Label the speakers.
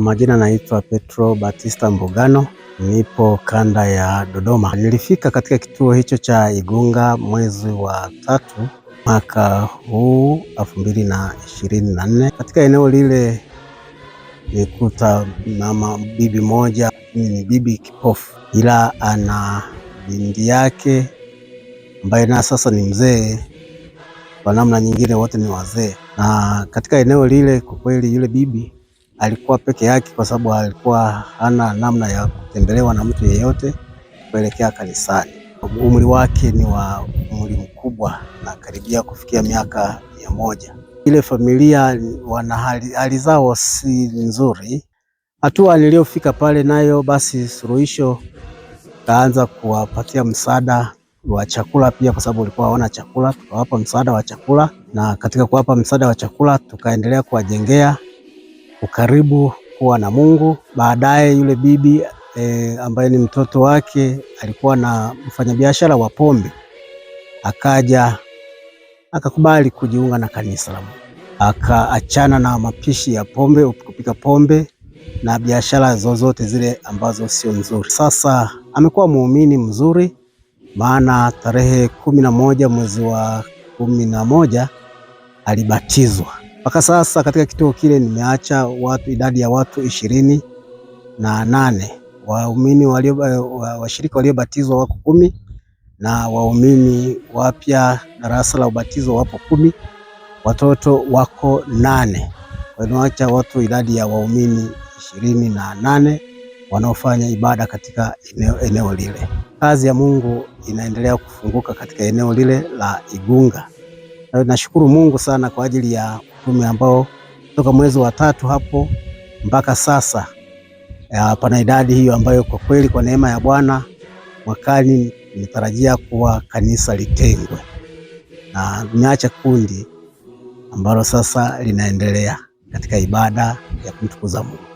Speaker 1: Majina naitwa Petro Batista Mbugano, nipo kanda ya Dodoma. Nilifika katika kituo hicho cha Igunga mwezi wa tatu mwaka huu elfu mbili na ishirini na nne. Katika eneo lile nikuta mama bibi moja, ni bibi kipofu, ila ana bindi yake ambaye na sasa ni mzee, kwa namna nyingine wote ni wazee na ah, katika eneo lile kwa kweli yule bibi alikuwa peke yake, kwa sababu alikuwa hana namna ya kutembelewa na mtu yeyote kuelekea kanisani. Umri wake ni wa umri mkubwa na karibia kufikia miaka mia moja. Ile familia wana hali zao si nzuri. Hatua niliyofika pale nayo, basi suluhisho kaanza kuwapatia msaada wa chakula pia, kwa sababu walikuwa hawana chakula, tukawapa msaada wa chakula, na katika kuwapa msaada wa chakula tukaendelea kuwajengea ukaribu kuwa na Mungu. Baadaye yule bibi e, ambaye ni mtoto wake alikuwa na mfanyabiashara wa pombe, akaja akakubali kujiunga na kanisa la Mungu, akaachana na mapishi ya pombe, kupika pombe na biashara zozote zile ambazo sio nzuri. Sasa amekuwa muumini mzuri maana tarehe kumi na moja mwezi wa kumi na moja alibatizwa. Mpaka sasa katika kituo kile nimeacha watu idadi ya watu ishirini na nane waumini walio washirika waliobatizwa wako kumi na waumini wapya darasa la ubatizo wapo kumi, watoto wako nane. wanaacha watu idadi ya waumini ishirini na nane wanaofanya ibada katika eneo, eneo lile kazi ya Mungu inaendelea kufunguka katika eneo lile la Igunga. Nashukuru Mungu sana kwa ajili ya utume ambao toka mwezi wa tatu hapo mpaka sasa pana idadi hiyo ambayo kwa kweli kwa neema ya Bwana mwakani nitarajia kuwa kanisa litengwe na niacha kundi ambalo sasa linaendelea katika ibada ya kumtukuza Mungu.